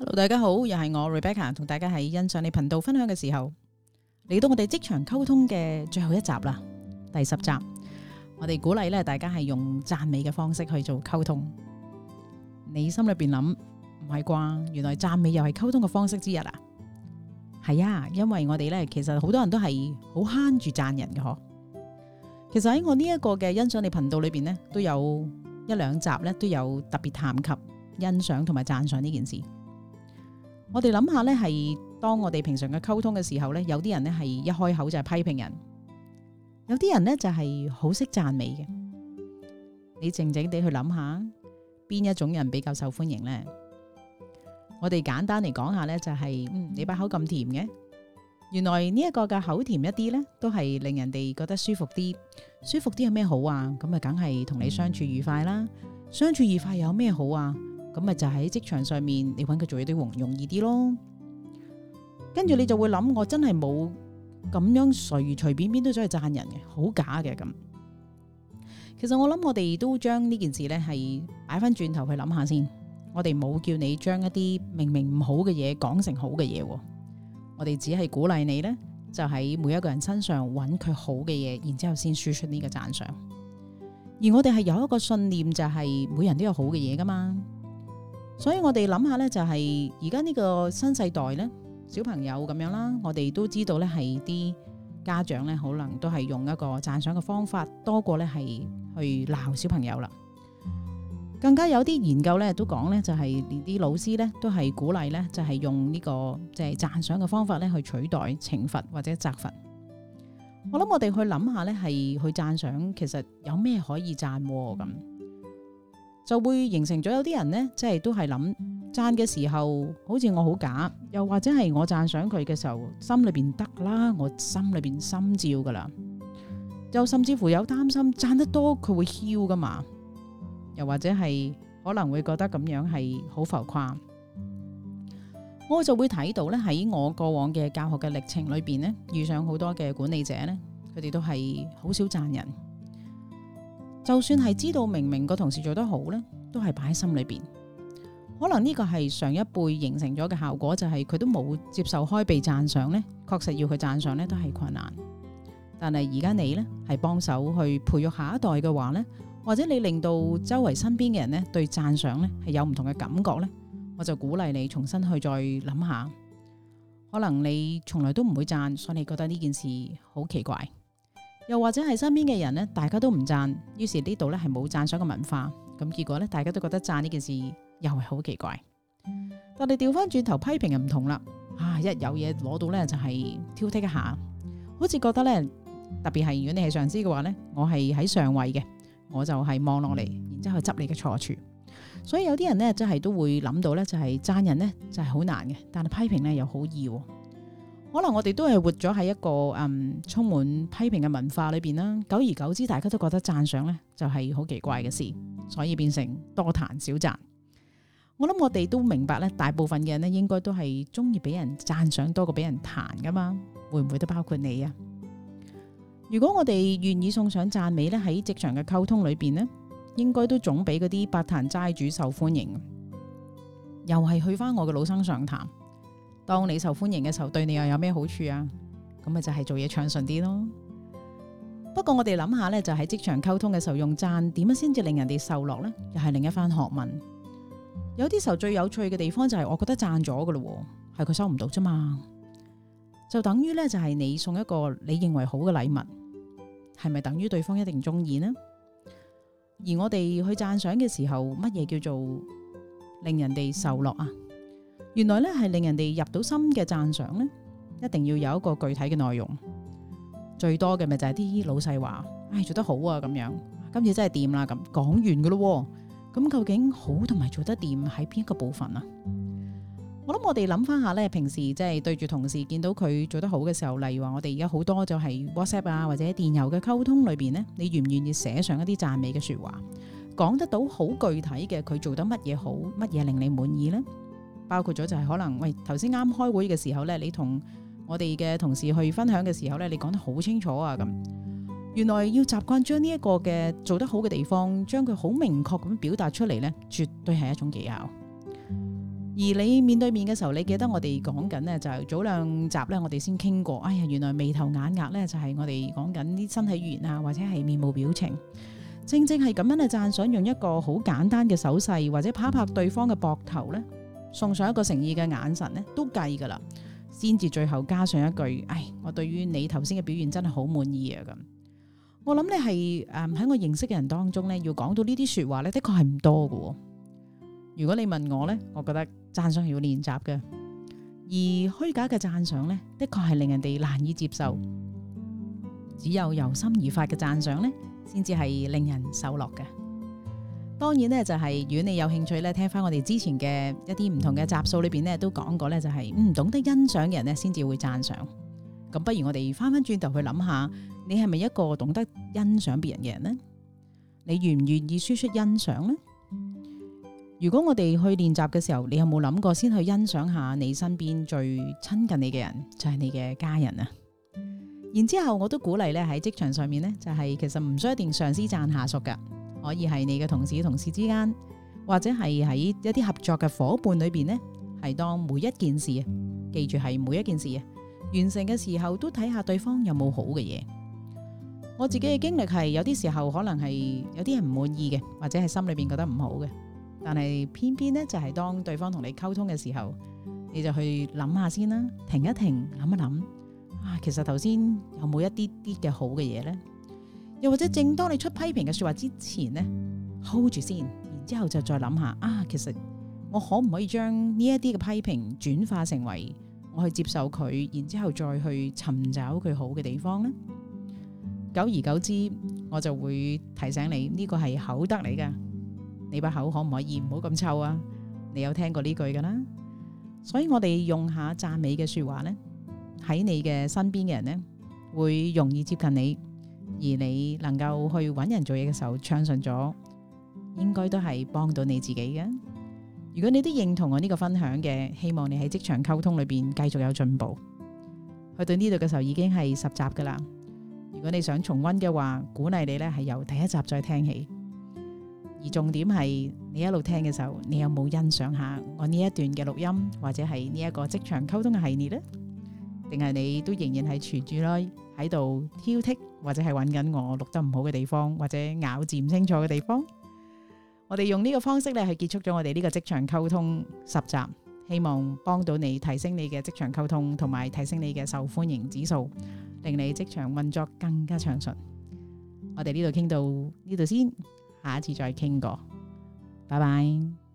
Hello，大家好，又係我 Rebecca 同大家喺欣賞你頻道分享嘅時候。嚟到我哋職場溝通嘅最後一集啦，第十集。我哋鼓勵咧，大家係用讚美嘅方式去做溝通。你心裏邊諗唔係啩？原來讚美又係溝通嘅方式之一啦？係啊，因為我哋咧其實好多人都係好慳住讚人嘅。嗬，其實喺我呢一個嘅欣賞你頻道裏邊呢，都有一兩集咧都有特別談及欣賞同埋讚賞呢件事。我哋諗下咧，係當我哋平常嘅溝通嘅時候咧，有啲人咧係一開口就係批評人，有啲人咧就係好識讚美嘅。你靜靜地去諗下，邊一種人比較受歡迎咧？我哋簡單嚟講下咧，就是，就係嗯，你把口咁甜嘅，原來呢一個嘅口甜一啲咧，都係令人哋覺得舒服啲。舒服啲有咩好啊？咁啊，梗係同你相處愉快啦。相處愉快有咩好啊？咁咪就喺職場上面，你搵佢做嘢都容容易啲咯。跟住你就會諗，我真係冇咁樣隨隨便便都想去讚人嘅，好假嘅咁。其實我諗，我哋都將呢件事咧係擺翻轉頭去諗下先。我哋冇叫你將一啲明明唔好嘅嘢講成好嘅嘢，我哋只係鼓勵你咧，就喺每一個人身上搵佢好嘅嘢，然之後先輸出呢個讚賞。而我哋係有一個信念，就係每人都有好嘅嘢噶嘛。所以我哋諗下咧，就係而家呢個新世代咧，小朋友咁樣啦，我哋都知道咧，係啲家長咧，可能都係用一個讚賞嘅方法多過咧，係去鬧小朋友啦。更加有啲研究咧，都講咧，就係連啲老師咧，都係鼓勵咧，就係用呢個即係讚賞嘅方法咧，去取代懲罰或者責罰。我諗我哋去諗下咧，係去讚賞，其實有咩可以讚咁啊？就會形成咗有啲人呢，即係都係諗讚嘅時候，好似我好假，又或者係我讚賞佢嘅時候，心裏邊得啦，我心裏邊心照噶啦，又甚至乎有擔心讚得多佢會囂噶嘛，又或者係可能會覺得咁樣係好浮誇，我就會睇到咧喺我過往嘅教學嘅歷程裏邊呢，遇上好多嘅管理者呢，佢哋都係好少讚人。就算係知道明明個同事做得好呢，都係擺喺心裏邊。可能呢個係上一輩形成咗嘅效果，就係、是、佢都冇接受開被讚賞呢。確實要佢讚賞呢都係困難。但係而家你呢，係幫手去培育下一代嘅話呢，或者你令到周圍身邊嘅人呢對讚賞呢係有唔同嘅感覺呢，我就鼓勵你重新去再諗下。可能你從來都唔會讚，所以你覺得呢件事好奇怪。又或者係身邊嘅人咧，大家都唔讚，於是呢度咧係冇讚賞嘅文化，咁結果咧大家都覺得讚呢件事又係好奇怪。但係調翻轉頭批評又唔同啦，啊一有嘢攞到咧就係挑剔一下，好似覺得咧特別係如果你係上司嘅話咧，我係喺上位嘅，我就係望落嚟，然之後去執你嘅錯處。所以有啲人咧真係都會諗到咧，就係讚人呢，就係好難嘅，但係批評咧又好易。可能我哋都係活咗喺一個嗯充滿批評嘅文化裏邊啦，久而久之，大家都覺得讚賞呢就係好奇怪嘅事，所以變成多彈少讚。我諗我哋都明白咧，大部分嘅人咧應該都係中意俾人讚賞多過俾人彈噶嘛，會唔會都包括你啊？如果我哋願意送上讚美咧，喺職場嘅溝通裏邊呢，應該都總比嗰啲八談齋主受歡迎。又係去返我嘅老生常談。當你受歡迎嘅時候，對你又有咩好處啊？咁咪就係做嘢暢順啲咯。不過我哋諗下咧，就喺職場溝通嘅時候用讚，點樣先至令人哋受落咧？又係另一番學問。有啲時候最有趣嘅地方就係，我覺得讚咗嘅咯，係佢收唔到啫嘛。就等於咧，就係你送一個你認為好嘅禮物，係咪等於對方一定中意呢？而我哋去讚賞嘅時候，乜嘢叫做令人哋受落啊？嗯原來咧係令人哋入到心嘅讚賞咧，一定要有一個具體嘅內容。最多嘅咪就係啲老細話，唉，做得好啊，咁樣今次真係掂啦。咁講完噶咯，咁、嗯、究竟好同埋做得掂喺邊一個部分啊？我諗我哋諗翻下咧，平時即係對住同事見到佢做得好嘅時候，例如話我哋而家好多就係 WhatsApp 啊或者電郵嘅溝通裏邊咧，你願唔願意寫上一啲讚美嘅說話，講得到好具體嘅佢做得乜嘢好，乜嘢令你滿意呢？包括咗就係可能喂，頭先啱開會嘅時候咧，你同我哋嘅同事去分享嘅時候咧，你講得好清楚啊。咁原來要習慣將呢一個嘅做得好嘅地方，將佢好明確咁表達出嚟咧，絕對係一種技巧。而你面對面嘅時候，你記得我哋講緊呢，就係早兩集咧，我哋先傾過。哎呀，原來眉頭眼額咧就係我哋講緊啲身體語言啊，或者係面部表情。正正係咁樣嘅讚賞，用一個好簡單嘅手勢或者拍拍對方嘅膊頭咧。送上一個誠意嘅眼神咧，都計噶啦，先至最後加上一句，唉，我對於你頭先嘅表現真係好滿意啊！咁，我諗你係誒喺我認識嘅人當中咧，要講到呢啲說話咧，的確係唔多㗎。如果你問我咧，我覺得讚賞要練習嘅，而虛假嘅讚賞咧，的確係令人哋難以接受。只有由心而發嘅讚賞咧，先至係令人受落嘅。當然咧、就係，就係如果你有興趣咧，聽翻我哋之前嘅一啲唔同嘅集數裏面咧，都講過咧、就係，就係唔懂得欣賞嘅人咧，先至會讚賞。咁不如我哋翻翻轉頭去諗下，你係咪一個懂得欣賞別人嘅人呢？你願唔願意輸出欣賞呢？如果我哋去練習嘅時候，你有冇諗過先去欣賞下你身邊最親近你嘅人，就係、係、你嘅家人啊？然之後我都鼓勵咧喺職場上面咧，就係、係、其實唔需要一定上司讚下屬噶。可以係你嘅同事，同事之間，或者係喺一啲合作嘅夥伴裏邊呢，係當每一件事，記住係每一件事嘢完成嘅時候，都睇下對方有冇好嘅嘢。我自己嘅經歷係有啲時候可能係有啲人唔滿意嘅，或者係心裏邊覺得唔好嘅，但係偏偏呢，就係當對方同你溝通嘅時候，你就去諗下先啦，停一停諗一諗，啊，其實頭先有冇一啲啲嘅好嘅嘢呢？又或者，正當你出批評嘅說話之前呢 hold 住先，然之後就再諗下啊，其實我可唔可以將呢一啲嘅批評轉化成為我去接受佢，然之後再去尋找佢好嘅地方呢？久而久之，我就會提醒你，呢個係口德嚟噶，你把口可唔可以唔好咁臭啊？你有聽過呢句噶啦，所以我哋用下讚美嘅說話呢，喺你嘅身邊嘅人呢，會容易接近你。而你能夠去搵人做嘢嘅時候，暢順咗，應該都係幫到你自己嘅。如果你都認同我呢個分享嘅，希望你喺職場溝通裏邊繼續有進步。去到呢度嘅時候，已經係十集㗎喇。如果你想重溫嘅話，鼓勵你咧係由第一集再聽起。而重點係你一路聽嘅時候，你有冇欣賞下我呢一段嘅錄音，或者係呢一個職場溝通嘅系列咧？定係你都仍然係存住咯，喺度挑剔或者係揾緊我錄得唔好嘅地方，或者咬字唔清楚嘅地方。我哋用呢個方式咧去結束咗我哋呢個職場溝通十集，希望幫到你提升你嘅職場溝通，同埋提升你嘅受歡迎指數，令你職場運作更加暢順。我哋呢度傾到呢度先，下一次再傾過，拜拜。